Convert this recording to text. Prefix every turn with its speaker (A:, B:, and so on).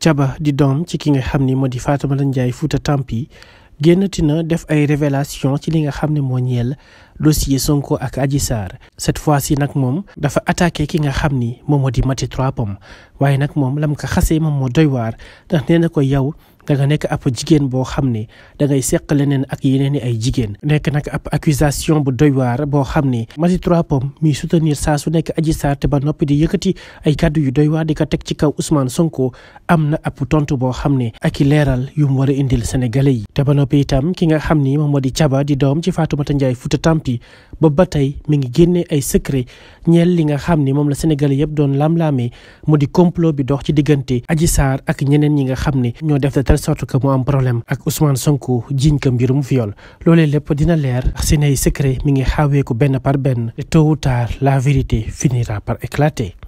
A: caba di doom ci ki nga xam ni moo di Fatoumata Ndiaye Fouta Tampi génnati na def ay révélation ci li nga xam ne moo ñeel dossier Sonko ak Adji Sarr cette fois si nag moom dafa attaqué ki nga xam ni moom moo di Mati Trois Pommes waaye nag moom lam ko xasee moom moo doy waar ndax nee na ko yow da nga nekk ab jigéen boo xam ne da ngay seq leneen ak yeneen i ay jigéen nekk nag ab accusation bu doy boo xam ne magistrat Pom mi soutenir saa su nekk Adji Sarr ba noppi di yëkkati ay kàddu yu doy waar di ko teg ci kaw Ousmane Sonko am na ab boo xam ne ak i leeral yu mu war a indil Sénégalais yi te ba noppi ki nga xam ni moom moo di Thiaba di doom ci Fatoumata Ndiaye Fouta Tampi ba ba tey mi ngi génne ay secret li nga xam ni moom la Sénégalais yëpp doon lam-laamee mu di complot bi dox ci nga xam ne ñoo def telle sorte que mu am problème ak Ousmane Sonko jiiñ ko mbirum viol loolee lépp dina leer si ay secret mi ngi xawee ku benn par benn te tôt ou la vérité
B: finira par éclater.